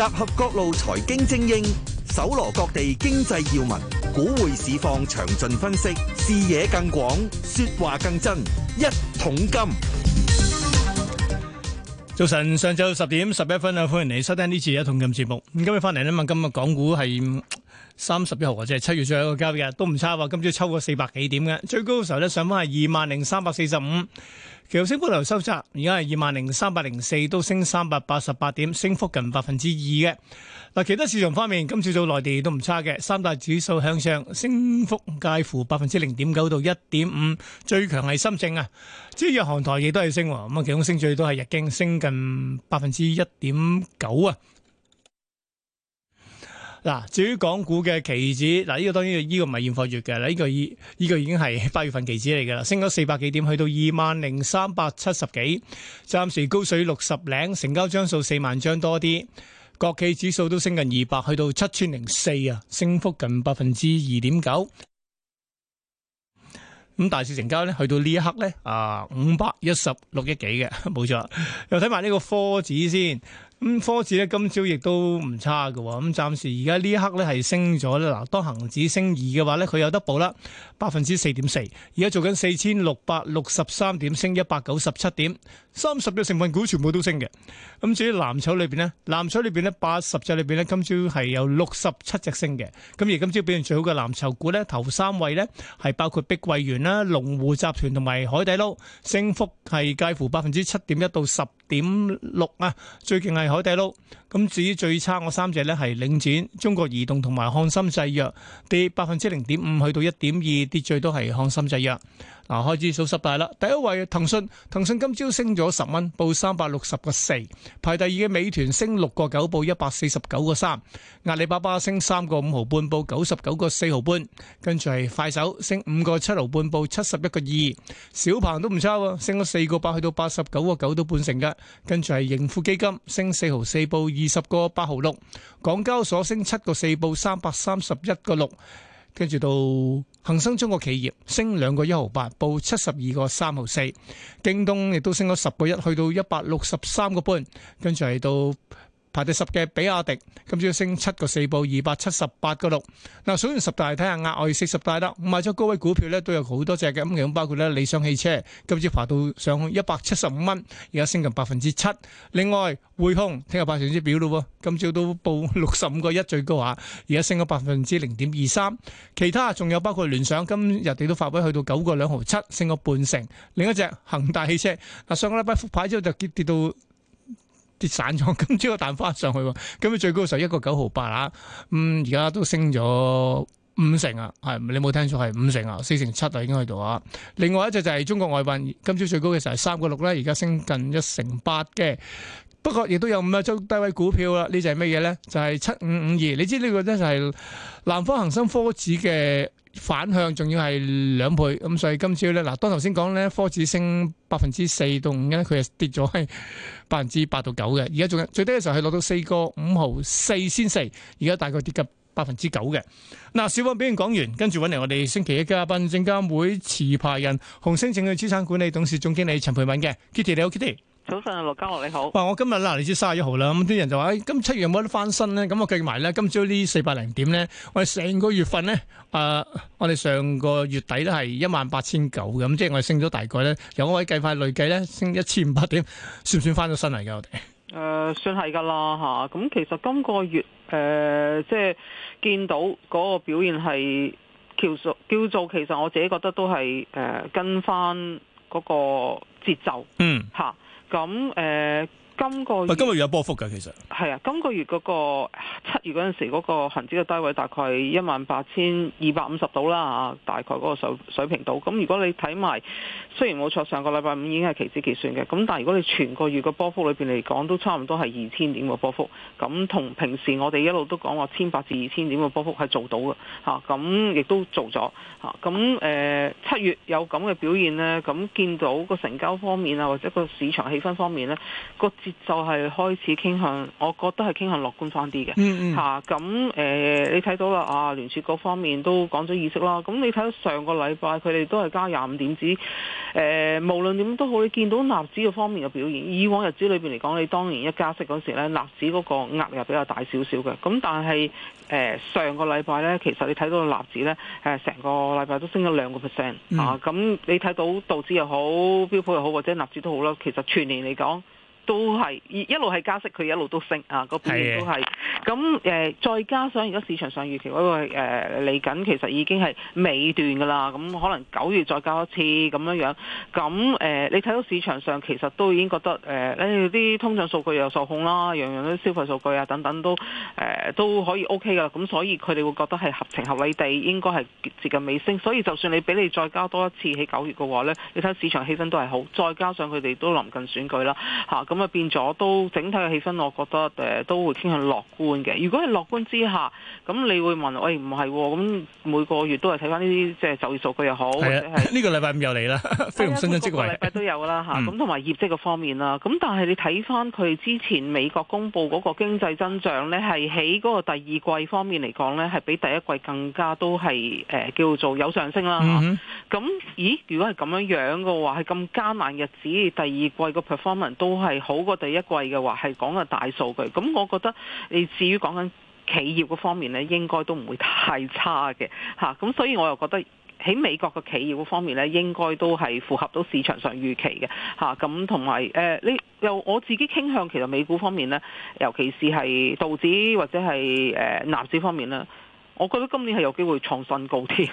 集合各路財經精英，搜羅各地經濟要聞，股匯市況詳盡分析，視野更廣，說話更真。一桶金，早晨，上晝十點十一分啊！歡迎你收聽呢次一桶金節目。咁今日翻嚟啊嘛，今日港股係三十一號，即係七月最後一個交易日，都唔差啊！今朝抽過四百幾點嘅，最高嘅時候咧，上翻係二萬零三百四十五。持續升幅略收窄，而家係二萬零三百零四，都升三百八十八點，升幅近百分之二嘅。嗱，其他市場方面，今朝早內地都唔差嘅，三大指數向上，升幅介乎百分之零點九到一點五，最強係深證啊，即係日韓台亦都係升，咁啊，其中升最多係日經，升近百分之一點九啊。嗱，至於港股嘅期指，嗱、這、呢個當然呢、這個唔係現貨月嘅，呢、這個已呢、這個已經係八月份期指嚟嘅啦，升咗四百幾點，去到二萬零三百七十幾，暫時高水六十零，成交張數四萬張多啲，國企指數都升近二百，去到七千零四啊，升幅近百分之二點九。咁大市成交呢，去到呢一刻呢，啊五百一十六億幾嘅，冇錯。又睇埋呢個科指先。咁、嗯、科指咧今朝亦都唔差嘅，咁、嗯、暫時而家呢一刻呢係升咗咧，嗱，當恒指升二嘅話呢，佢有得補啦，百分之四點四，而家做緊四千六百六十三點，升一百九十七點，三十隻成分股全部都升嘅。咁、嗯、至於藍籌裏邊呢，藍籌裏邊呢八十隻裏邊呢，今朝係有六十七隻升嘅。咁而今朝表現最好嘅藍籌股呢，頭三位呢係包括碧桂園啦、龍湖集團同埋海底撈，升幅係介乎百分之七點一到十點六啊，最勁係。海底撈。咁，至於最差我三隻呢係領展、中國移動同埋翰森製藥，跌百分之零點五，去到一點二，跌最多係翰森製藥。嗱，開始數十大啦！第一位騰訊，騰訊今朝升咗十蚊，報三百六十個四。排第二嘅美團升六個九，報一百四十九個三。阿里巴巴升三個五毫半，報九十九個四毫半。跟住係快手升五個七毫半，報七十一個二。小鵬都唔差喎，升咗四個八，去到八十九個九都半成㗎。跟住係盈富基金升四毫四，報二十個八毫六。港交所升七個四，報三百三十一個六。跟住到恒生中國企業，升兩個一毫八，報七十二個三毫四。京東亦都升咗十個一，去到一百六十三個半。跟住係到。排第十嘅比亞迪，今朝升七個四，報二百七十八個六。嗱，數完十大，睇下額外四十大啦。賣咗高位股票咧，都有好多隻嘅。咁樣包括咧，理想汽車今朝爬到上去一百七十五蚊，而家升近百分之七。另外匯控聽日派成績表咯，今朝都報六十五個一最高價，而家升咗百分之零點二三。其他仲有包括聯想，今日你都發威去到九個兩毫七，升咗半成。另一隻恒大汽車，嗱上個禮拜復牌之後就跌跌到。跌散咗，今朝又彈返上去，咁啊，最高嘅時候一個九毫八啊，咁而家都升咗五成啊，係你冇聽錯，係五成啊，四成七啊已經去到啊。另外一隻就係中國外運，今朝最高嘅時候係三個六啦，而家升近一成八嘅，不過亦都有五啊周低位股票啦。這個、呢隻係乜嘢咧？就係七五五二，你知呢個咧就係南方恆生科指嘅。反向仲要係兩倍，咁所以今朝咧，嗱，當頭先講咧，科指升百分之四到五咧，佢係跌咗係百分之八到九嘅，而家仲最低嘅時候係落到四個五毫四先四，而家大概跌嘅百分之九嘅。嗱，小方表現講完，跟住搵嚟我哋星期一嘉賓證監會持牌人紅星證券資產管理董事總經理陳培敏嘅，Kitty 你好，Kitty。早晨啊，陸家樂你好。哇！我今日啦，嚟至卅一號啦，咁啲人就話：，今七月有冇得翻身咧？咁我計埋咧，今朝呢四百零點咧，我哋成個月份咧，啊、呃，我哋上個月底都係一萬八千九，咁即係我哋升咗大概咧，由我位計法累計咧升一千五百點，算唔算翻咗身嚟嘅？我哋誒、呃，算係噶啦吓。咁、啊、其實今個月誒、呃，即係見到嗰個表現係叫做叫做，叫做其實我自己覺得都係誒、呃、跟翻嗰個節奏，啊、嗯吓。咁誒。今個月唔係今個月有波幅㗎，其實係啊，今個月嗰個月、嗰個、七月嗰陣時嗰個恆指嘅低位大概一萬八千二百五十度啦嚇，大概嗰個水水平度。咁如果你睇埋，雖然冇錯上個禮拜五已經係期指結算嘅，咁但係如果你全個月個波幅裏邊嚟講，都差唔多係二千點嘅波幅。咁同平時我哋一路都講話千八至二千點嘅波幅係做到嘅嚇，咁亦都做咗嚇。咁誒、呃、七月有咁嘅表現呢？咁見到個成交方面啊，或者個市場氣氛方面呢。嗰個。就係開始傾向，我覺得係傾向樂觀翻啲嘅嚇。咁誒、mm hmm. 啊呃，你睇到啦啊，聯儲各方面都講咗意識啦。咁、啊、你睇到上個禮拜佢哋都係加廿五點子誒、啊，無論點都好，你見到納指嘅方面嘅表現，以往日子裏邊嚟講，你當然一加息嗰時咧，納指嗰個壓力比較大少少嘅。咁、啊、但係誒、呃、上個禮拜呢，其實你睇到納指呢，誒、啊，成個禮拜都升咗兩個 percent 啊。咁你睇到道指又好，標普又好，或者納指都好啦。其實全年嚟講，都係，一路係加息，佢一路都升啊！個半年都係。咁誒的、嗯，再加上而家市場上預期嗰個嚟緊，呃、其實已經係尾段㗎啦。咁可能九月再加一次咁樣樣。咁、嗯、誒、呃，你睇到市場上其實都已經覺得誒，誒、呃、啲通脹數據又受控啦，樣樣啲消費數據啊等等都誒、呃、都可以 O K 㗎。咁、嗯、所以佢哋會覺得係合情合理地應該係接近尾聲。所以就算你俾你再加多一次喺九月嘅話呢，你睇市場氣氛都係好。再加上佢哋都臨近選舉啦，嚇、啊、咁。嗯嗯嗯嗯咁啊，變咗都整體嘅氣氛，我覺得誒、呃、都會傾向樂觀嘅。如果係樂觀之下，咁你會問：喂、哎，唔係喎？咁每個月都係睇翻呢啲即係就業數據又好。係啊，呢個禮拜五又嚟啦，非農升升個禮拜都有啦嚇。咁同埋業績個方面啦。咁、啊、但係你睇翻佢之前美國公布嗰個經濟增長呢，係喺嗰個第二季方面嚟講呢，係比第一季更加都係誒、呃、叫做有上升啦。咁、啊嗯、哼咦？如果係咁樣樣嘅話，係咁艱難日子，第二季個 performance 都係。好過第一季嘅話係講嘅大數據，咁我覺得你至於講緊企業嗰方面呢，應該都唔會太差嘅嚇，咁、啊、所以我又覺得喺美國嘅企業嗰方面呢，應該都係符合到市場上預期嘅嚇，咁同埋誒你又我自己傾向其實美股方面呢，尤其是係道指或者係誒、呃、納指方面呢。我覺得今年係有機會創新高添，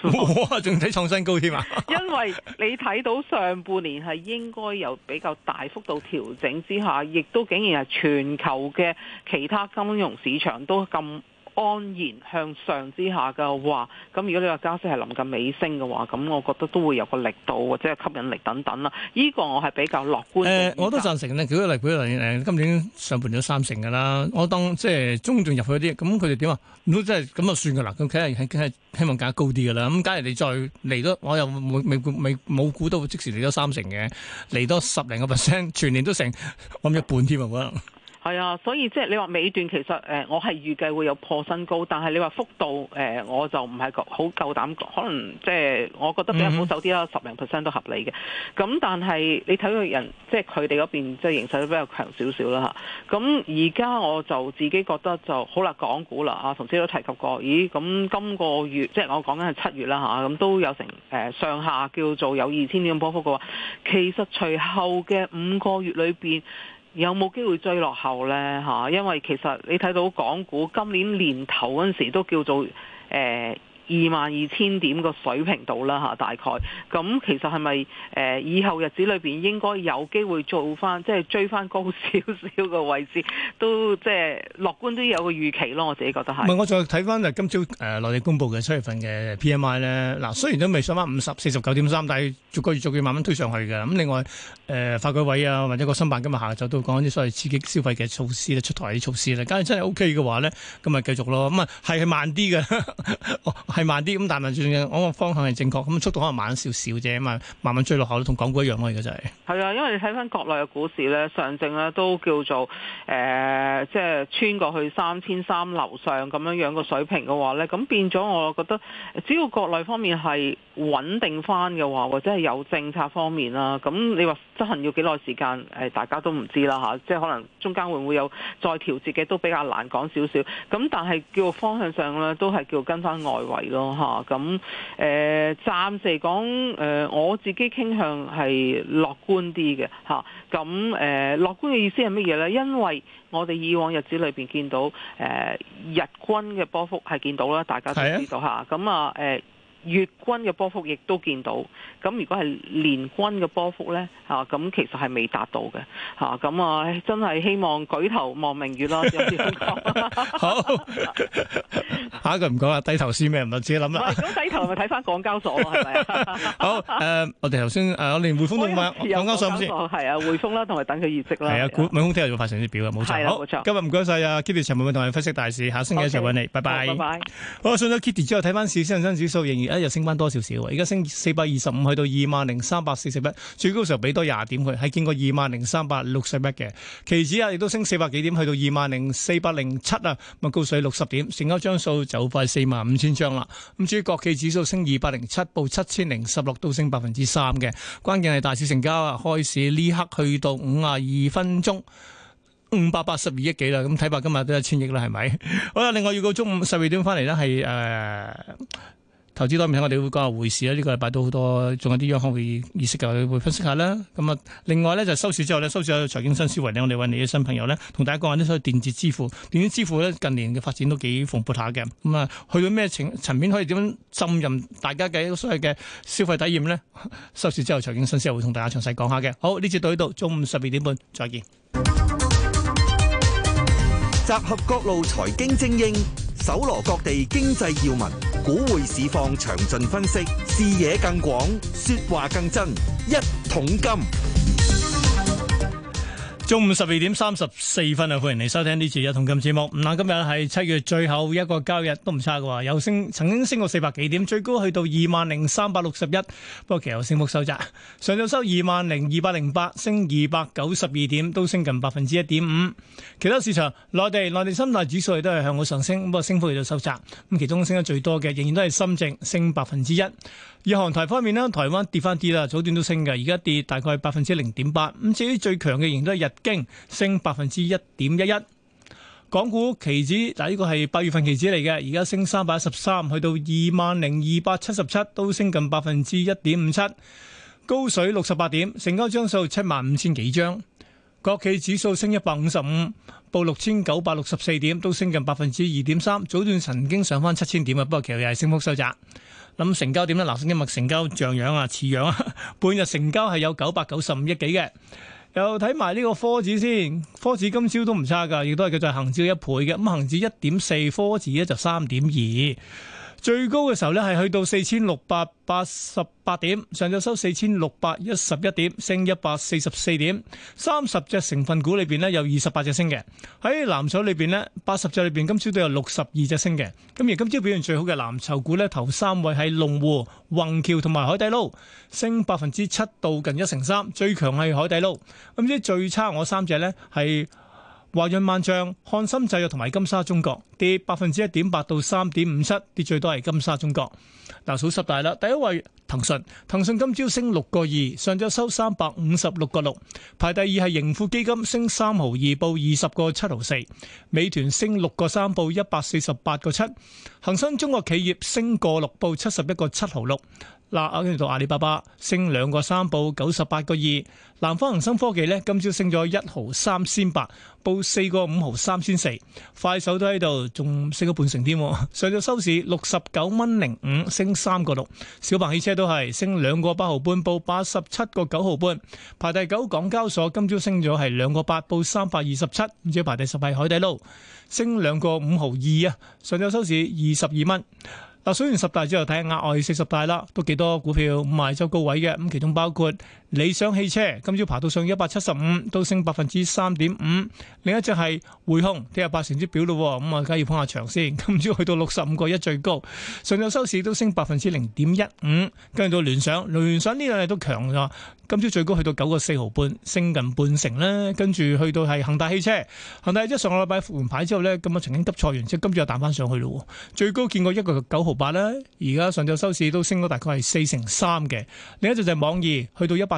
哇！仲睇創新高添啊！因為你睇到上半年係應該有比較大幅度調整之下，亦都竟然係全球嘅其他金融市場都咁。安然向上之下嘅話，咁如果你話加息係臨近尾聲嘅話，咁我覺得都會有個力度或者吸引力等等啦。依、呢個我係比較樂觀。誒、呃，我都贊成咧。舉個例，舉個例誒，今年上半年三成嘅啦，我當即係中進入去啲，咁佢哋點啊？如果真係咁啊，算嘅啦。咁佢梗係希望價高啲嘅啦。咁假如你再嚟多，我又冇冇冇冇估到即時嚟多三成嘅，嚟多十零個 percent，全年都成咁一半添啊！可能。係啊，所以即係你話尾段其實誒，我係預計會有破新高，但係你話幅度誒、呃，我就唔係好夠膽，可能即係我覺得比較保守啲啦，十零 percent 都合理嘅。咁但係你睇個人，即係佢哋嗰邊即係形勢都比較強少少啦嚇。咁而家我就自己覺得就好啦，港股啦啊，頭先都提及過，咦咁今個月即係、就是、我講緊係七月啦嚇，咁、啊、都有成誒、呃、上下叫做有二千點波幅嘅話。其實隨後嘅五個月裏邊。有冇機會追落後呢？嚇，因為其實你睇到港股今年年頭嗰陣時都叫做誒。欸二萬二千點個水平度啦嚇，大概咁、啊、其實係咪誒以後日子裏邊應該有機會做翻，即係追翻高少少個位置，都即係樂觀都有個預期咯。我自己覺得係。唔係、嗯，我再睇翻今朝誒、呃、內地公布嘅七月份嘅 PMI 咧，嗱、啊、雖然都未上翻五十，四十九點三，但係逐個月逐個月慢慢推上去嘅。咁、啊、另外誒發改委啊，或者國新辦今日下晝都講啲所謂刺激消費嘅措施咧，出台啲措施咧，假如真係 OK 嘅話咧，咁咪繼續咯。咁啊係慢啲嘅。 係慢啲咁，但係慢轉嘅，我個方向係正確，咁速度可能慢少少啫嘛，慢慢追落後咯，同港股一樣咯，而家就係。係啊，因為睇翻國內嘅股市咧，上證咧都叫做誒，即係穿過去三千三樓上咁樣樣個水平嘅話咧，咁變咗我覺得，只要國內方面係穩定翻嘅話，或者係有政策方面啦，咁你話執行要幾耐時間，誒，大家都唔知啦吓，即係可能中間會唔會有再調節嘅，都比較難講少少。咁但係叫方向上咧，都係叫跟翻外圍，咯吓，咁誒、嗯，暫時嚟講，誒、呃，我自己傾向係樂觀啲嘅吓，咁、嗯、誒，樂、嗯、觀嘅意思係乜嘢咧？因為我哋以往日子裏邊見到誒、呃、日均嘅波幅係見到啦，大家都知道吓，咁啊，誒、嗯。嗯嗯嗯月均嘅波幅亦都見到，咁如果係年均嘅波幅咧，嚇咁其實係未達到嘅，嚇咁啊，真係希望舉頭望明月咯。好，下一句唔講啦，低頭思咩唔，自己諗啦。咁低頭咪睇翻港交所咯。好，誒，我哋頭先誒，連匯豐都問港交所先，係啊，匯豐啦，同埋等佢業績啦。係啊，匯豐聽日要發成啲表啦，冇錯。好，今日唔該曬啊，Kitty 陳文偉同埋分析大市，下星期一再揾你，拜拜。拜拜。好，順咗 Kitty 之後睇翻市，恒生指數仍然，一又升翻多少少，而家升四百二十五，去到二萬零三百四十一。最高時候俾多廿點佢，係見過二萬零三百六十一嘅。期指啊，亦都升四百幾點，去到二萬零四百零七啊，咪高水六十點，成交張數就快四萬五千張啦。咁至於國企指數升二百零七，報七千零十六，都升百分之三嘅。關鍵係大市成交啊，開始呢刻去到五啊二分鐘，五百八十二億幾啦，咁睇白今日都有一千億啦，係咪？好啦，另外要到中午十二點翻嚟呢，係、呃、誒。投資方面，我哋會講下匯市啦。呢、這個禮拜都好多，仲有啲央行嘅意識噶，我哋會分析下啦。咁啊，另外咧就是、收市之後咧，收市有財經新思維咧，我哋揾嚟啲新朋友咧，同大家講下呢所謂電子支付、電子支付咧，近年嘅發展都幾蓬勃下嘅。咁啊，去到咩層層面可以點樣浸任大家嘅一個所謂嘅消費體驗咧？收市之後財經新思維會同大家詳細講下嘅。好，呢節到呢度，中午十二點半再見。集合各路財經精英，搜羅各地經濟要聞。股匯市況詳盡分析，視野更廣，説話更真，一桶金。中午十二點三十四分啊！歡迎嚟收聽呢次一桶金節目。嗱，今日係七月最後一個交易日，都唔差嘅話，有升，曾經升過四百幾點，最高去到二萬零三百六十一，不過其實升幅收窄。上晝收二萬零二百零八，升二百九十二點，都升近百分之一點五。其他市場，內地內地三大指數亦都係向我上升，不過升幅亦都收窄。咁其中升得最多嘅，仍然都係深證，升百分之一。以韓台方面咧，台灣跌翻啲啦，早段都升嘅，而家跌大概百分之零點八。咁至於最強嘅仍都係日經，升百分之一點一一。港股期指，嗱呢個係八月份期指嚟嘅，而家升三百一十三，去到二萬零二百七十七，都升近百分之一點五七。高水六十八點，成交張數七萬五千幾張。國企指數升一百五十五，報六千九百六十四點，都升近百分之二點三。早段曾經上翻七千點嘅，不過其實又係升幅收窄。咁成交點呢？今日成交像樣啊，似樣啊。半日成交係有九百九十五億幾嘅。又睇埋呢個科指先，科指今朝都唔差㗎，亦都係叫做恒指一倍嘅。咁恒指一點四，科指咧就三點二。最高嘅時候咧，係去到四千六百八十八點，上晝收四千六百一十一點，升一百四十四點。三十隻成分股裏邊呢，有二十八隻升嘅。喺藍籌裏邊呢，八十隻裏邊今朝都有六十二隻升嘅。咁而今朝表現最好嘅藍籌股呢，頭三位係龍湖、宏橋同埋海底撈，升百分之七到近一成三。最強係海底撈。咁至於最差我三隻呢，係。華潤萬象、漢森製藥同埋金沙中國跌百分之一點八到三點五七，跌最多係金沙中國。嗱，數十大啦，第一位騰訊，騰訊今朝升六個二，上晝收三百五十六個六。排第二係盈富基金，升三毫二，報二十個七毫四。美團升六個三，報一百四十八個七。恒生中國企業升個六，報七十一個七毫六。嗱，跟住到阿里巴巴，升兩個三，報九十八個二。南方恒生科技呢，今朝升咗一毫三先八，報四個五毫三先四。快手都喺度，仲升咗半成添。上晝收市六十九蚊零五，升三個六。小鵬汽車都係升兩個八毫半，報八十七個九毫半，排第九。港交所今朝升咗係兩個八，報三百二十七。唔知排第十係海底撈，升兩個五毫二啊。上晝收市二十二蚊。但選完十大之後，睇下額外四十大啦，都幾多股票賣咗高位嘅，咁其中包括。理想汽車今朝爬到上一百七十五，都升百分之三點五。另一隻係匯控，聽日八成之表咯，咁啊，梗要捧下場先。今朝去到六十五個一最高，上晝收市都升百分之零點一五。跟住到聯想，聯想呢兩隻都強㗎，今朝最高去到九個四毫半，升近半成啦。跟住去到係恒大汽車，恒大汽車上個禮拜復完牌之後呢，咁啊曾經急挫完，即係今朝又彈翻上去咯。最高見過一個九毫八啦，而家上晝收市都升咗大概係四成三嘅。另一隻就係網易，去到一百。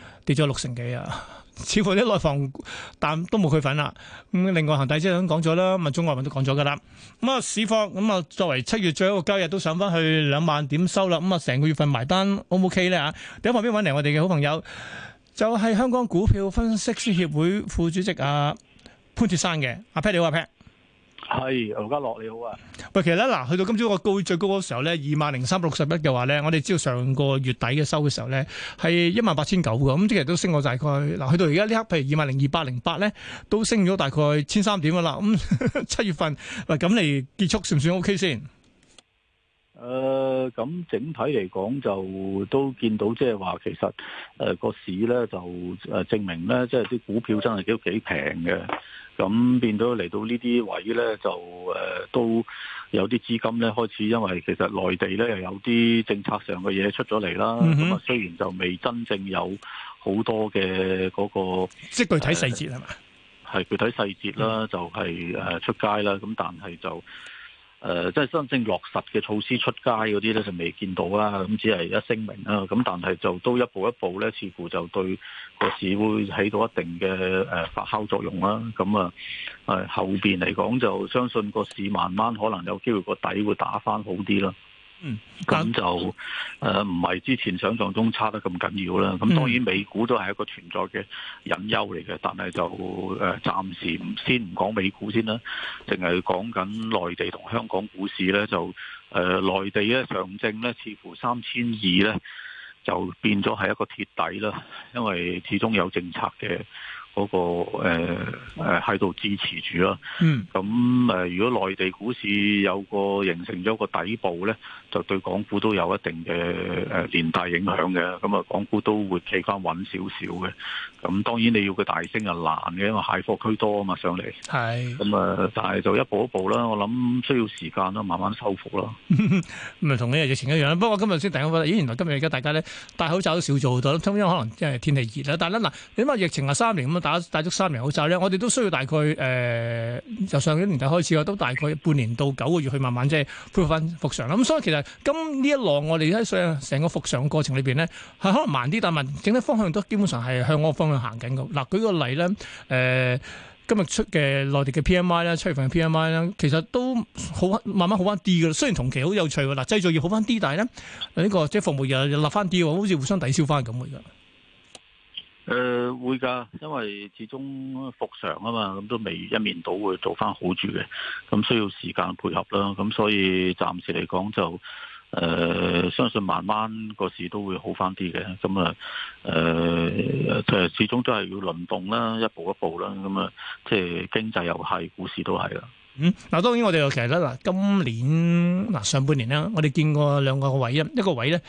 跌咗六成幾啊！似乎啲內房但都冇佢份啦。咁另外恒大即係都講咗啦，咁啊中外文都講咗噶啦。咁啊市況咁啊作為七月最後一個交易日都上翻去兩萬點收啦。咁啊成個月份埋單 O 唔 OK 咧啊？喺旁邊搵嚟我哋嘅好朋友，就係、是、香港股票分析師協會副主席阿、啊、潘鐵山嘅。阿 Pat 你好阿 Pat 係盧家樂你好啊。喂，其實咧，嗱，去到今朝個高最高嘅時候咧，二萬零三百六十一嘅話咧，我哋知道上個月底嘅收嘅時候咧，係一萬八千九嘅，咁即係都升過大概，嗱，去到而家呢刻，譬如二萬零二百零八咧，都升咗大概千三點㗎啦，咁、嗯、七 月份，嗱，咁嚟結束算唔算 O K 先？誒，咁、呃、整體嚟講就都見到、呃，即係話其實誒個市咧就誒證明咧，即係啲股票真係幾幾平嘅。咁變到嚟到呢啲位咧，就誒、呃、都有啲資金咧開始，因為其實內地咧又有啲政策上嘅嘢出咗嚟啦。咁啊、嗯哼，雖然就未真正有好多嘅嗰、嗰個即係具體細節係嘛？係具體細節啦，嗯、就係誒出街啦。咁但係就。誒，即係、呃、真正落實嘅措施出街嗰啲呢，就未見到啦。咁只係一聲明啦。咁但係就都一步一步呢，似乎就對個市會起到一定嘅誒發酵作用啦。咁啊，誒後邊嚟講就相信個市慢慢可能有機會個底會打返好啲啦。嗯，咁、嗯、就誒唔係之前想象中差得咁緊要啦。咁當然美股都係一個存在嘅隱憂嚟嘅，但係就誒、呃、暫時先唔講美股先啦，淨係講緊內地同香港股市咧，就誒、呃、內地咧上證咧似乎三千二咧就變咗係一個鐵底啦，因為始終有政策嘅。嗰個誒喺度支持住啦，咁誒、嗯、如果內地股市有個形成咗個底部咧，就對港股都有一定嘅誒連帶影響嘅，咁啊港股都會企翻穩少少嘅。咁當然你要佢大升啊，難嘅，因為蟹貨居多啊嘛上嚟。係是。咁啊、嗯，但係就一步一步啦，我諗需要時間啦，慢慢收復啦。唔係同呢個疫情一樣，不過今日先突然覺得，咦，原來今日而家大家咧戴口罩都少做好多，少咗好多，咁樣可能因為天氣熱啦。但係咧嗱，你話疫情啊三年咁打帶足三年口罩咧，我哋都需要大概誒、呃，由上一年底開始啊，都大概半年到九個月去慢慢即係恢復翻復常啦。咁、嗯、所以其實今呢一浪我哋喺上成個復常嘅過程裏邊咧，係可能慢啲，但係整體方向都基本上係向嗰個方向行緊嘅。嗱、呃，舉個例咧，誒、呃、今日出嘅內地嘅 PMI 啦，七月份嘅 PMI 咧，其實都好慢慢好翻啲嘅。雖然同期好有趣喎，嗱、呃、製造業好翻啲，但係咧呢個即係服務業又立翻啲喎，好似互相抵消翻咁嘅。誒、呃，會噶，因為始終復常啊嘛，咁都未一面倒會做翻好住嘅，咁需要時間配合啦，咁、嗯、所以暫時嚟講就誒、呃，相信慢慢個市都會好翻啲嘅，咁啊誒，即、呃、係始終都係要輪動啦，一步一步啦，咁、嗯、啊，即係經濟又係，股市都係啦。嗯，嗱，當然我哋又其實咧，嗱，今年嗱上半年咧，我哋見過兩個位啊，一個位咧。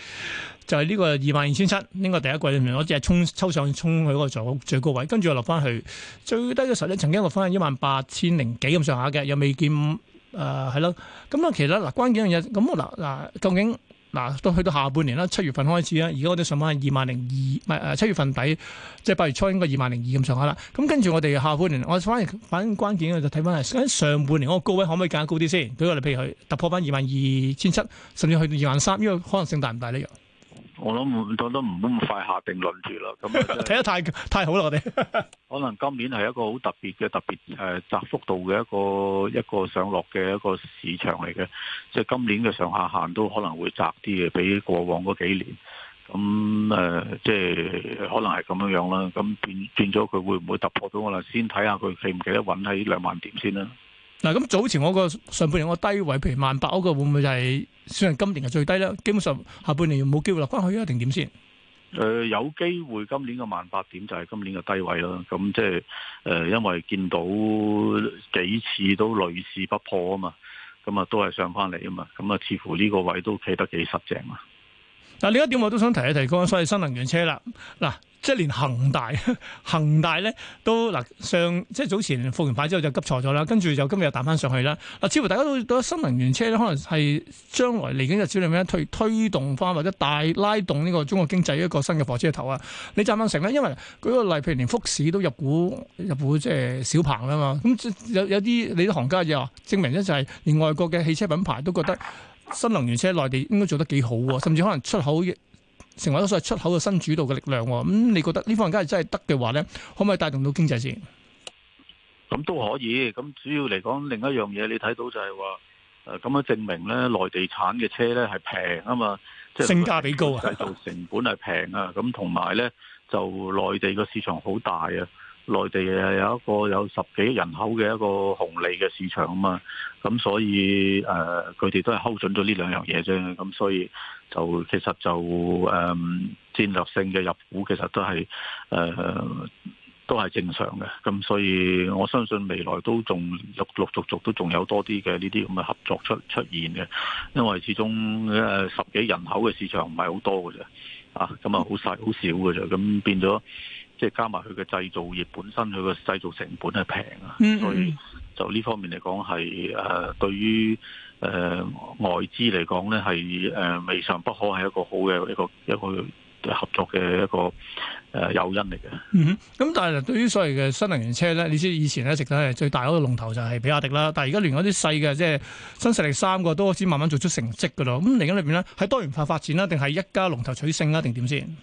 就係呢個二萬二千七應該第一季，我只係衝抽上衝上去嗰個最高位，跟住我落翻去最低嘅時候咧，曾經落翻去一萬八千零幾咁上下嘅，又未見誒係咯咁啊。其實嗱、呃，關鍵一樣嘢咁嗱嗱，究竟嗱都去到下半年啦，七月份開始啦，而家我哋上翻二萬零二，唔係七月份底，即係八月初應該二萬零二咁上下啦。咁跟住我哋下半年，我反而反關鍵嘅就睇翻係上半年嗰個高位可唔可以更加高啲先？舉我哋，譬如佢突破翻二萬二千七，甚至去到二萬三，因為可能性大唔大呢？我諗我都唔好咁快下定論住啦。咁睇得太太好啦，我哋 可能今年係一個好特別嘅特別誒、呃、窄幅度嘅一個一個上落嘅一個市場嚟嘅，即係今年嘅上下限都可能會窄啲嘅，比過往嗰幾年咁誒、呃，即係可能係咁樣樣啦。咁變變咗佢會唔會突破到我啦？先睇下佢記唔記得穩喺兩萬點先啦。嗱，咁早前我個上半年個低位譬如萬八嗰個會唔會就係算今年嘅最低啦、呃？基本上下半年冇機會落翻去啊？定點先？誒有機會今年嘅萬八點就係今年嘅低位啦。咁即係誒，因為見到幾次都屢試不破啊嘛，咁啊都係上翻嚟啊嘛，咁啊似乎呢個位都企得幾實淨啊。嗱，另一點我都想提一提講，所以新能源車啦，嗱，即係連恒大，恒大咧都嗱上，即係早前復完牌之後就急挫咗啦，跟住就今日又彈翻上去啦。嗱，似乎大家都覺得新能源車咧，可能係將來嚟緊日子裡面推推動翻或者大拉動呢個中國經濟一個新嘅火車頭啊。你贊唔贊成咧？因為舉個例，譬如連福士都入股入股即係小鵬啊嘛，咁有有啲你啲行家又話證明咧就係連外國嘅汽車品牌都覺得。新能源車內地應該做得幾好喎，甚至可能出口成為咗所謂出口嘅新主導嘅力量。咁、嗯、你覺得呢方而家真係得嘅話呢，可唔可以帶動到經濟先？咁都可以，咁主要嚟講，另一樣嘢你睇到就係話，誒，咁樣證明咧，內地產嘅車呢係平啊嘛，即係性價比高啊，製造成本係平啊，咁同埋呢，就內地個市場好大啊。內地係有一個有十幾億人口嘅一個紅利嘅市場啊嘛，咁所以誒佢哋都係睺準咗呢兩樣嘢啫，咁所以就其實就誒、呃、戰略性嘅入股其實都係誒、呃、都係正常嘅，咁所以我相信未來都仲陸陸續續都仲有多啲嘅呢啲咁嘅合作出出現嘅，因為始終誒、呃、十幾人口嘅市場唔係好多嘅啫，啊咁啊好細好少嘅啫，咁變咗。即係加埋佢嘅製造業本身，佢個製造成本係平啊，嗯嗯所以就呢方面嚟講係誒對於誒、呃、外資嚟講咧係誒未嘗不可，係一個好嘅一個一個合作嘅一個誒誘因嚟嘅。咁、呃嗯嗯、但係對於所謂嘅新能源車咧，你知以前咧，直都係最大嗰個龍頭就係比亞迪啦，但係而家連嗰啲細嘅，即係新勢力三個都開始慢慢做出成績噶啦。咁嚟緊裏邊咧，喺多元化發展啦，定係一家龍頭取勝啦，定點先？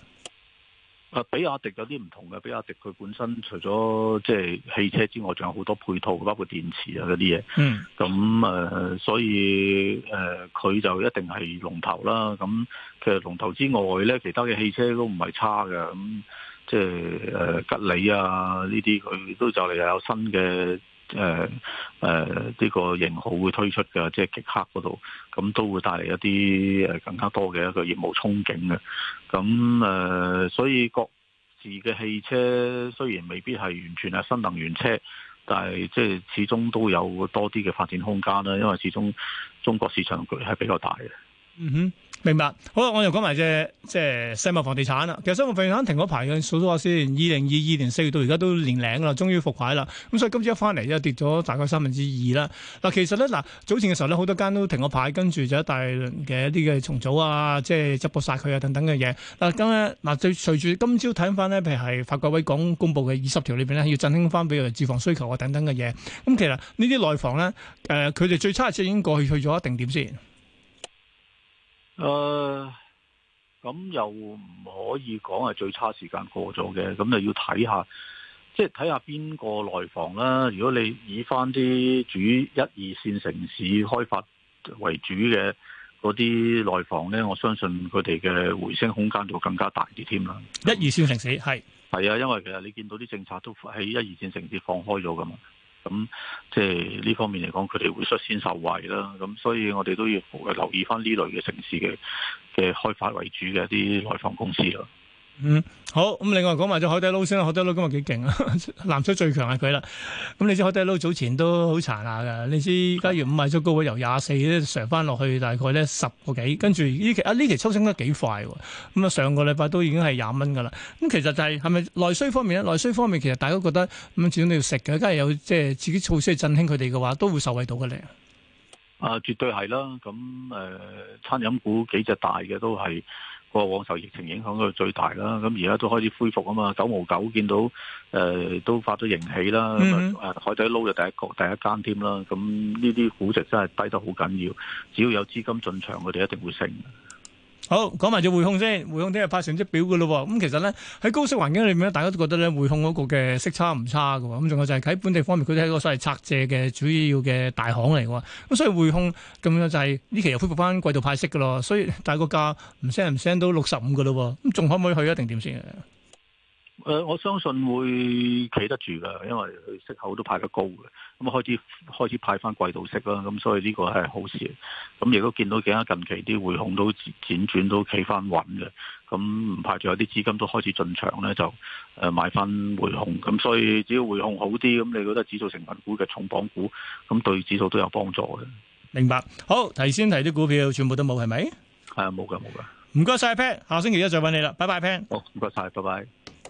啊，比亞迪有啲唔同嘅，比亞迪佢本身除咗即係汽車之外，仲有好多配套，包括電池啊嗰啲嘢。嗯。咁啊、呃，所以誒，佢、呃、就一定係龍頭啦。咁其實龍頭之外咧，其他嘅汽車都唔係差嘅。咁即係誒，吉利啊呢啲，佢都就嚟又有新嘅。誒誒，呢、呃呃這個型號會推出嘅，即係極客嗰度，咁都會帶嚟一啲誒更加多嘅一個業務憧憬嘅。咁誒、呃，所以各自嘅汽車雖然未必係完全係新能源車，但係即係始終都有多啲嘅發展空間啦。因為始終中國市場佢係比較大嘅。嗯哼。明白，好啦，我又講埋隻即係世貿房地產啦。其實世貿房地產停咗牌嘅，數數下先。二零二二年四月到而家都年零啦，終於復牌啦。咁所以今朝一翻嚟，就跌咗大概三分之二啦。嗱，其實咧嗱，早前嘅時候咧，好多間都停咗牌，跟住就一大輪嘅一啲嘅重組啊，即係執過晒佢啊等等嘅嘢。嗱，隨今咧嗱，隨住今朝睇翻咧，譬如係發改委講公布嘅二十條裏邊咧，要振興翻俾佢哋住房需求啊等等嘅嘢。咁其實呢啲內房咧，誒、呃，佢哋最差嘅已經過去去咗一定點先。誒，咁、呃、又唔可以講係最差時間過咗嘅，咁就要睇下，即係睇下邊個內房啦。如果你以翻啲主一二線城市開發為主嘅嗰啲內房呢，我相信佢哋嘅回升空間就更加大啲添啦。一二線城市係，係啊，因為其實你見到啲政策都喺一二線城市放開咗噶嘛。咁即係呢方面嚟講，佢哋會率先受惠啦。咁所以，我哋都要留意翻呢類嘅城市嘅嘅開發為主嘅一啲內房公司咯。嗯，好。咁另外講埋隻海底撈先啦，海底撈今日幾勁啊，藍 籌最強係佢啦。咁你知海底撈早前都好殘下噶，你知而家越賣咗高位，由廿四咧，上翻落去大概咧十個幾，跟住呢期啊呢期抽升得幾快。咁啊，上個禮拜都已經係廿蚊噶啦。咁其實就係係咪內需方面咧？內需方面其實大家覺得咁始終你要食嘅，咁係有即係自己措施去振興佢哋嘅話，都會受惠到嘅咧。啊，絕對係啦。咁誒、呃，餐飲股幾隻大嘅都係。過往受疫情影響嗰度最大啦，咁而家都開始恢復啊嘛，九毛九見到誒、呃、都發咗盈喜啦，咁啊海底撈就第一個第一間添啦，咁呢啲估值真係低得好緊要，只要有資金進場，佢哋一定會升。好，講埋隻匯控先，匯控聽日派成績表㗎咯喎，咁其實咧喺高息環境裏面咧，大家都覺得咧匯控嗰個嘅息差唔差㗎喎，咁仲有就係喺本地方面，佢都係一個所謂拆借嘅主要嘅大行嚟㗎喎，咁所以匯控咁樣就係呢期又恢復翻季度派息㗎咯，所以大個價唔升唔升都六十五㗎咯喎，咁仲可唔可以去一定點先啊？誒，我相信會企得住噶，因為息口都派得高嘅，咁開始開始派翻季度息啦，咁所以呢個係好事。咁亦都見到其他近期啲匯控都輾轉都企翻穩嘅，咁唔排除有啲資金都開始進場咧，就誒買翻匯控。咁所以只要匯控好啲，咁你覺得指數成分股嘅重磅股，咁對指數都有幫助嘅。明白。好，提先提啲股票，全部都冇係咪？係啊，冇噶，冇噶。唔該晒 Pat，下星期一再搵你啦，拜拜，Pat。好，唔該晒，拜拜。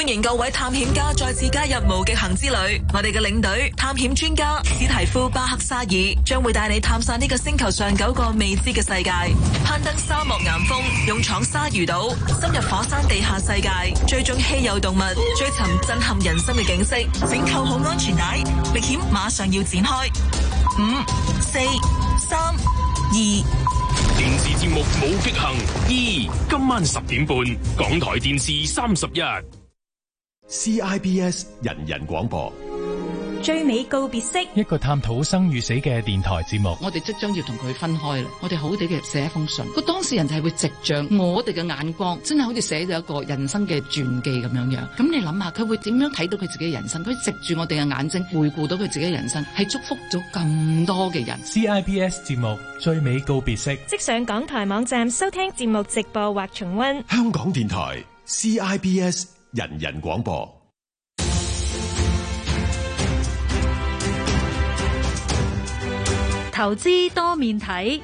歡迎各位探險家再次加入《無極行之旅》，我哋嘅領隊探險專家史提夫巴克沙爾將會帶你探索呢個星球上九個未知嘅世界，攀登沙漠岩峰，勇闖鯊魚島，深入火山地下世界，追蹤稀有動物，追尋震撼人心嘅景色。請扣好安全帶，歷險馬上要展開。五、四、三、二，電視節目《冇極行》二今晚十點半，港台電視三十一。CIBS 人人廣播，最美告別式，一個探討生與死嘅電台節目。我哋即將要同佢分開啦，我哋好好地寫一封信。個當事人就係會直向我哋嘅眼光，真係好似寫咗一個人生嘅傳記咁樣樣。咁你諗下，佢會點樣睇到佢自己嘅人生？佢直住我哋嘅眼睛，回顧到佢自己嘅人生，係祝福咗咁多嘅人。CIBS 節目最美告別式，即上港台網站收聽節目直播或重溫。香港電台 CIBS。C I B S 人人廣播，投資多面睇。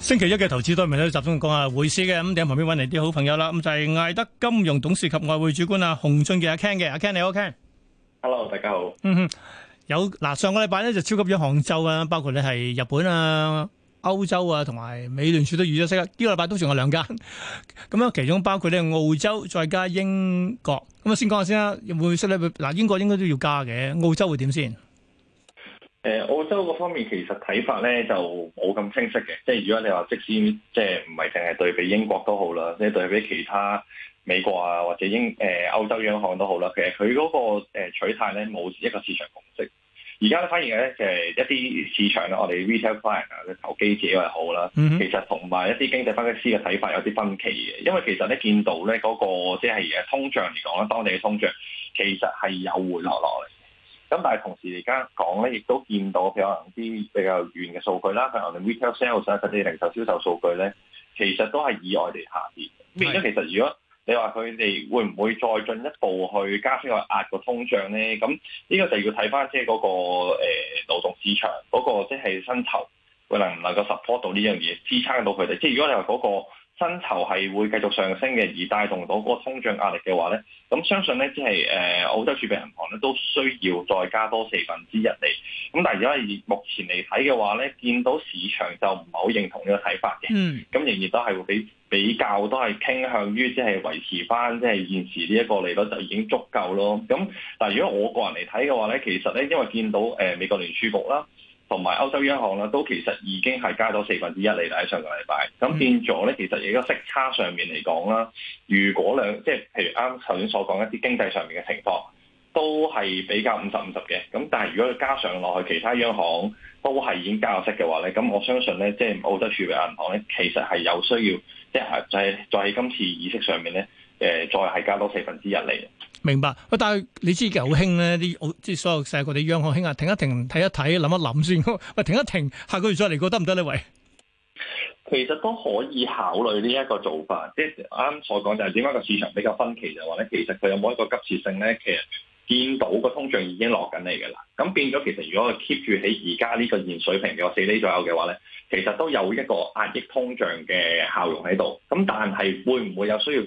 星期一嘅投資多面睇，集中講下匯市嘅。咁你喺旁邊搵嚟啲好朋友啦。咁就係艾德金融董事及外匯主管啊，洪俊嘅阿 Ken 嘅，阿 Ken 你好，Ken。Hello，大家好。嗯哼，有嗱，上個禮拜呢就超級咗杭州啊，包括你係日本啊。歐洲啊，同埋美聯儲都預咗息啦，呢、這個禮拜都仲有兩間，咁樣其中包括咧澳洲，再加英國。咁啊，先講下先啦，會唔咧？嗱，英國應該都要加嘅，澳洲會點先？誒，澳洲嗰方面其實睇法咧就冇咁清晰嘅，即係如果你話即先，即係唔係淨係對比英國都好啦，即係對比其他美國啊，或者英誒、呃、歐洲央行都好啦。其實佢嗰、那個、呃、取態咧冇一個市場共識。而家咧反而咧，就一啲市場啦，我哋 retail client 啊，嘅投機者又好啦，其實同埋一啲、mm hmm. 經濟分析師嘅睇法有啲分歧嘅，因為其實咧見到咧嗰、那個即係通脹嚟講咧，當地嘅通脹其實係有回落落嚟。咁但係同時而家講咧，亦都見到譬可能啲比較遠嘅數據啦，譬如我哋 retail sales，實際零售銷,售銷售數據咧，其實都係意外地下跌。咁而、mm hmm. 其實如果你話佢哋會唔會再進一步去加升個壓個通脹咧？咁呢個就要睇翻即係嗰個誒勞動市場嗰、那個即係薪酬，會能唔能夠 support 到呢樣嘢，支撐到佢哋。即、就、係、是、如果你話嗰個薪酬係會繼續上升嘅，而帶動到嗰個通脹壓力嘅話咧，咁相信咧即係誒澳洲儲備銀行咧都需要再加多四分之一嚟。咁但係而家目前嚟睇嘅話咧，見到市場就唔係好認同呢個睇法嘅。嗯。咁仍然都係會俾。比較都係傾向於即係維持翻即係現時呢一個利率就已經足夠咯。咁但係如果我個人嚟睇嘅話咧，其實咧因為見到誒美國聯儲局啦，同埋歐洲央行啦，都其實已經係加咗四分之一利率喺上個禮拜。咁變咗咧，其實而家息差上面嚟講啦，如果兩即係譬如啱頭先所講一啲經濟上面嘅情況，都係比較五十五十嘅。咁但係如果佢加上落去其他央行都係已經加咗息嘅話咧，咁我相信咧即係澳洲儲備銀行咧，其實係有需要。即係就係再喺今次議息上面咧，誒，再係加多四分之一嚟。明白，喂，但係你知而家好興咧，啲即係所有成個啲央行興啊，停一停，睇一睇，諗一諗先。喂，停一停，下個月再嚟過得唔得呢？喂，其實都可以考慮呢一個做法，即係啱啱所講就係點解個市場比較分歧，就係話咧，其實佢有冇一個急切性咧？其實。見到個通脹已經落緊嚟㗎啦，咁變咗其實如果佢 keep 住喺而家呢個現水平嘅四厘左右嘅話咧，其實都有一個壓抑通脹嘅效用喺度。咁但係會唔會有需要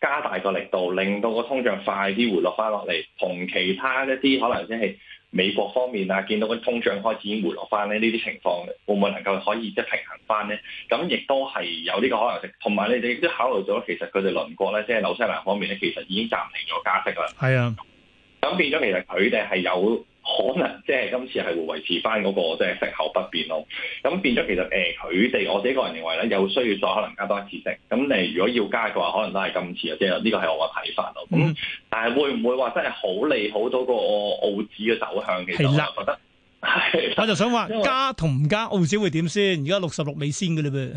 加大個力度，令到個通脹快啲回落翻落嚟？同其他一啲可能即係美國方面啊，見到個通脹開始回落翻咧，呢啲情況會唔會能夠可以即係平衡翻咧？咁亦都係有呢個可能性。同埋你哋都考慮咗，其實佢哋鄰國咧，即係紐西蘭方面咧，其實已經暫停咗加息啦。係啊。咁變咗，其實佢哋係有可能，即係今次係會維持翻嗰個即係息口不變咯。咁變咗，其實誒佢哋我自己個人認為咧，有需要再可能加多一次息。咁你如果要加嘅話，可能都係今次啊，即係呢個係我嘅睇法咯。咁、嗯、但係會唔會話真係好利好多過澳指嘅走向？其實我覺得係，的 的我就想話為加同唔加澳指會點先？而家六十六美仙嘅嘞噃。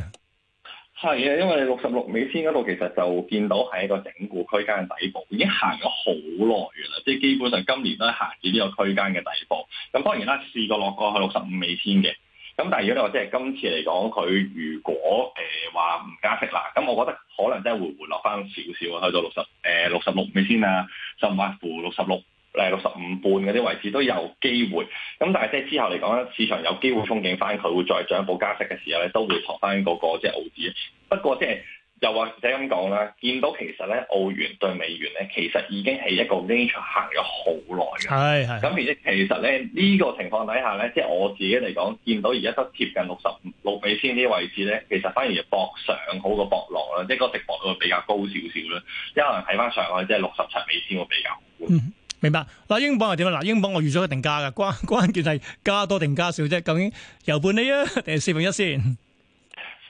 係啊，因為六十六美仙嗰度其實就見到係一個整固區間嘅底部，已經行咗好耐嘅啦，即係基本上今年都係行住呢個區間嘅底部。咁當然啦，試過落過去六十五美仙嘅，咁但係如果你話即係今次嚟講，佢如果誒話唔加息啦，咁我覺得可能真係會回落翻少少啊，去到六十誒六十六美仙啊，甚至乎六十六。六十五半嗰啲位置都有機會，咁但係即係之後嚟講咧，市場有機會憧憬翻，佢會再進一步加息嘅時候咧，都會託翻嗰個即係澳紙。不過即係又或者咁講啦，見到其實咧澳元對美元咧，其實已經係一個 range 行咗好耐嘅。係，係。咁而其實咧呢個情況底下咧，即係我自己嚟講，見到而家都貼近六十五六美仙啲位置咧，其實反而博上好過博落啦，即係個值博會比較高少少啦。即可能睇翻上岸，即係六十七美仙會比較明白嗱，英鎊又點啊？嗱，英鎊我預咗一定加嘅，關關鍵係加多定加少啫。究竟由半你啊，定係四分一先？誒、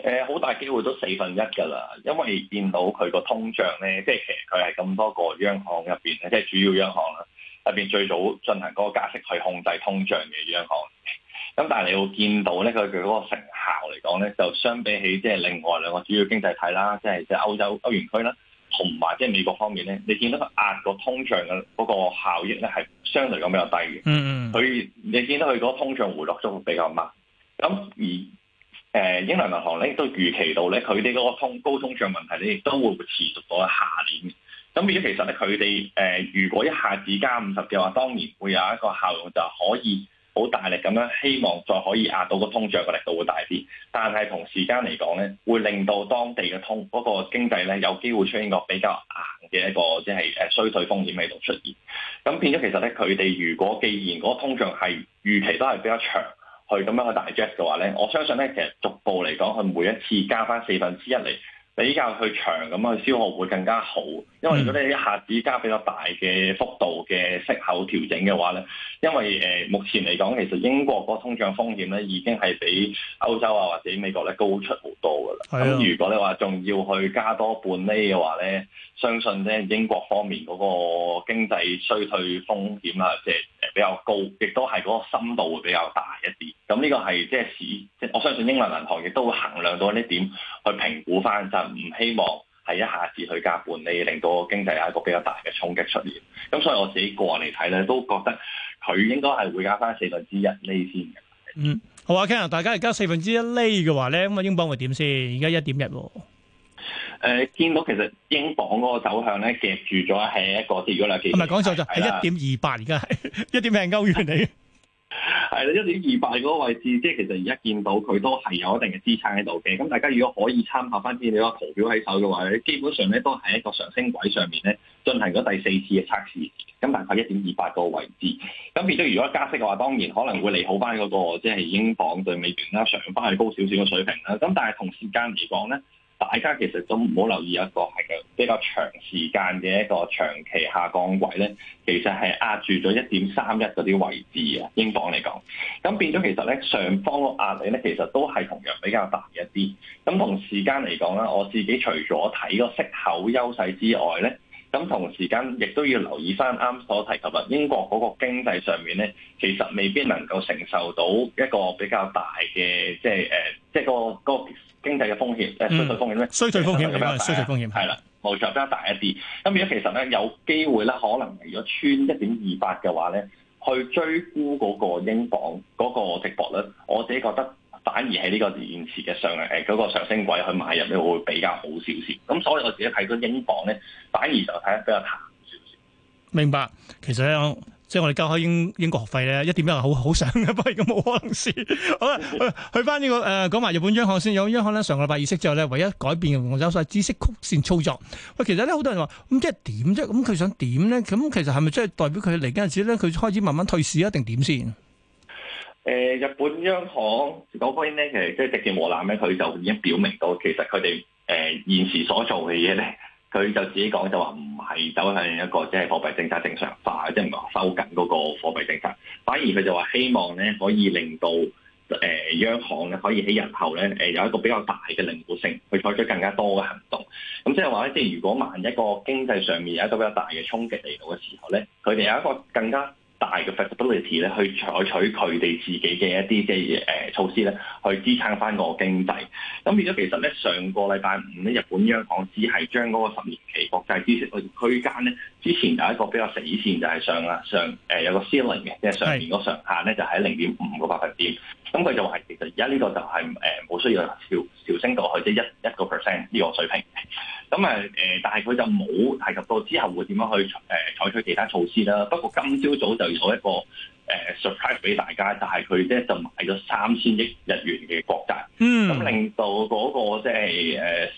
呃，好大機會都四分一噶啦，因為見到佢個通脹咧，即係其實佢係咁多個央行入邊咧，即係主要央行啦，入邊最早進行嗰個加息去控制通脹嘅央行。咁但係你會見到咧，佢嘅嗰個成效嚟講咧，就相比起即係另外兩個主要經濟體啦，即係即係歐洲歐元區啦。同埋即係美國方面咧，你見到佢壓個通脹嘅嗰個效益咧，係相對咁比較低嘅。嗯嗯，佢 你見到佢嗰通脹回落都會比較慢。咁而誒、呃、英倫銀行咧亦都預期到咧，佢哋嗰個通高通脹問題咧，亦都會持續到下年。咁而其實咧，佢哋誒如果一下子加五十嘅話，當然會有一個效用，就可以。好大力咁樣，希望再可以壓到個通脹嘅力度會大啲，但係同時間嚟講咧，會令到當地嘅通嗰、嗰個經濟咧有機會出現個比較硬嘅一個即係誒衰退風險喺度出現。咁變咗其實咧，佢哋如果既然嗰個通脹係預期都係比較長去咁樣去大 d r o p 嘅話咧，我相信咧其實逐步嚟講，佢每一次加返四分之一嚟。比較去長咁啊，消耗會更加好。因為如果你一下子加比較大嘅幅度嘅息口調整嘅話咧，因為誒、呃、目前嚟講，其實英國嗰通脹風險咧已經係比歐洲啊或者美國咧高出好多㗎啦。咁的如果你話仲要去加多半厘嘅話咧，相信咧英國方面嗰個經濟衰退風險啦，即係。比較高，亦都係嗰個深度會比較大一啲。咁呢個係即係市，即我相信英倫銀行亦都會衡量到呢點，去評估翻，就唔希望係一下子去加半釐，令到經濟有一個比較大嘅衝擊出現。咁所以我自己個人嚟睇咧，都覺得佢應該係會加翻四分之一釐先嘅。嗯，好啊，Kenny，大家而家四分之一釐嘅話咧，咁啊，英鎊會點先？而家一點一喎。誒、呃，見到其實英鎊嗰個走向咧，夾住咗係一個跌咗兩期。唔係講錯咗，係一點二八而家，一點咩歐元嚟？係啦，一點二八嗰個位置，即係 其實而家見到佢都係有一定嘅支撐喺度嘅。咁大家如果可以參考翻啲你個圖表喺手嘅話，基本上咧都係一個上升軌上面咧進行咗第四次嘅測試。咁大概一點二八個位置。咁變咗，如果加息嘅話，當然可能會利好翻、那、嗰個即係、就是、英鎊對美元啦，上翻去高少少嘅水平啦。咁但係同時間嚟講咧。大家其實都唔好留意一個係比較長時間嘅一個長期下降位咧，其實係壓住咗一點三一嗰啲位置嘅，英鎊嚟講。咁變咗其實咧，上方嘅壓力咧，其實都係同樣比較大一啲。咁同時間嚟講啦，我自己除咗睇個息口優勢之外咧，咁同時間亦都要留意翻啱所提及啊，英國嗰個經濟上面咧，其實未必能夠承受到一個比較大嘅即係誒，即係嗰個、嗰個經濟嘅風險，誒、嗯、衰退風險咧，比較衰退風險咁樣大，衰退風險係啦，冇錯，比較大一啲。咁如果其實咧，有機會咧，可能如果穿一點二八嘅話咧，去追沽嗰個英鎊嗰個直博率，我自己覺得反而喺呢個現時嘅上誒嗰、嗰個上升位去買入咧，會比較好少少。咁所以我自己睇到英鎊咧，反而就睇得比較淡少少。明白，其實即係 我哋交開英英國學費咧，一點一係好好想嘅，不然咁冇可能先。 好啦。去翻呢個誒，講埋日本央行先，有央行咧上個禮拜意識議息之後咧，唯一改變嘅我有曬孳息曲線操作。喂， 其實咧好多人話咁即係點啫？咁佢想點咧？咁其實係咪即係代表佢嚟緊時咧，佢開始慢慢退市一定點先？誒、呃，日本央行講翻咧，其實即係直接和諧咧，佢就已經表明到其實佢哋誒現時所做嘅嘢咧。佢就自己講就話唔係走向一個即係貨幣政策正常化，即係唔係話收緊嗰個貨幣政策，反而佢就話希望咧可以令到誒、呃、央行咧可以喺日後咧誒有一個比較大嘅靈活性，去採取更加多嘅行動。咁即係話咧，即係如果萬一一個經濟上面有一個比較大嘅衝擊嚟到嘅時候咧，佢哋有一個更加大嘅 flexibility 咧，去採取佢哋自己嘅一啲嘅誒措施咧，去支撐翻個經濟。咁而家其實咧，上個禮拜五咧，日本央行只係將嗰個十年期國債孳息嘅區間咧，之前有一個比較死線，就係、是、上啊上誒、呃、有個 ceiling 嘅，即係上年個上限咧，就係零點五個百分點。咁佢就話、是、係其實而家呢個就係誒冇需要調調升到去即係一一個 percent 呢個水平。咁啊誒，但係佢就冇提及到之後會點樣去誒、呃、採取其他措施啦。不過今朝早就有一個誒 surprise 俾大家，就係佢咧就買咗三千億日元嘅國債，咁令到嗰個即係誒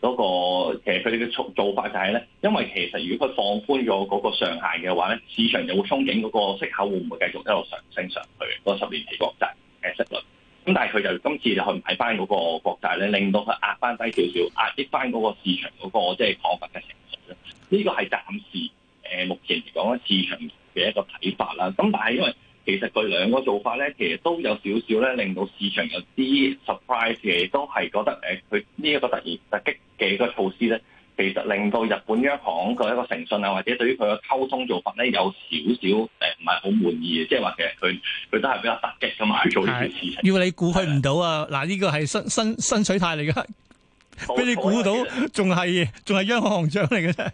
誒嗰個其實佢哋嘅做法就係、是、咧，因為其實如果佢放寬咗嗰個上限嘅話咧，市場就會憧憬嗰個息口會唔會繼續一路上升上去嗰十年期國債。嘅息率，咁但係佢就今次去買翻嗰個國債咧，令到佢壓翻低少少，壓啲翻嗰個市場嗰、那個即係亢奮嘅情緒啦。呢、就是這個係暫時誒、呃、目前嚟講咧市場嘅一個睇法啦。咁但係因為其實佢兩個做法咧，其實都有少少咧令到市場有啲 surprise 嘅，都係覺得誒佢呢一個突然突擊嘅一個措施咧。其實令到日本央行嘅一個誠信啊，或者對於佢嘅溝通做法咧，有少少誒唔係好滿意嘅，即係話其實佢佢都係比較突擊咁去做呢件事情。如果你估佢唔到啊！嗱， 呢個係薪薪薪水太嚟噶，俾錯你估到仲係仲係央行行長嚟嘅。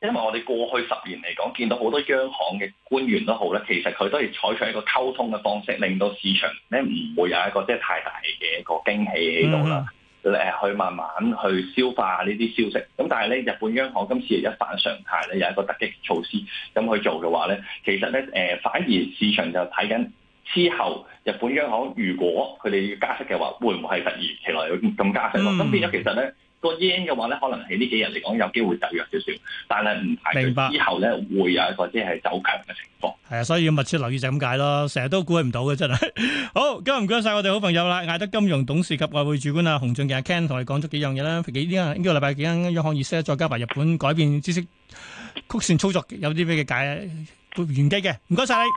因為我哋過去十年嚟講，見到好多央行嘅官員都好咧，其實佢都係採取一個溝通嘅方式，令到市場咧唔會有一個即係太大嘅一個驚喜喺度啦。嗯誒去慢慢去消化呢啲消息，咁但係咧，日本央行今次一反常態咧，有一個突擊措施咁去做嘅話咧，其實咧誒，反而市場就睇緊之後日本央行如果佢哋要加息嘅話，會唔會係突然其來有咁加息咯？咁變咗其實呢。個 yen 嘅話咧，可能喺呢幾日嚟講有機會走弱少少，但係唔排除，之後咧會有一個即係走強嘅情況。係啊白，所以要密切留意就係咁解咯。成日都估唔到嘅真係。 好，今日唔該晒我哋好朋友啦，艾德金融董事及外匯主管啊，洪俊傑阿 Ken 同你講咗幾樣嘢啦，這個、幾啱？呢個禮拜幾間央行議息，再加埋日本改變孳息曲線操作，有啲咩嘅解盤完機嘅？唔該晒你。